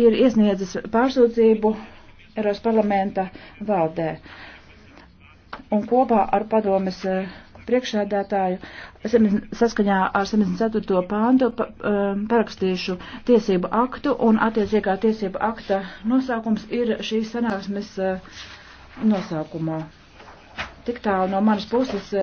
ir iesniedzis pārsūdzību Eiropas parlamenta valdē. Un kopā ar padomes eh, priekšsēdētāju saskaņā ar 74. pāntu eh, parakstīšu tiesību aktu, un attiecīgā tiesību akta nosaukums ir šīs sanāksmes eh, nosaukumā. Tik tālu no manas puses.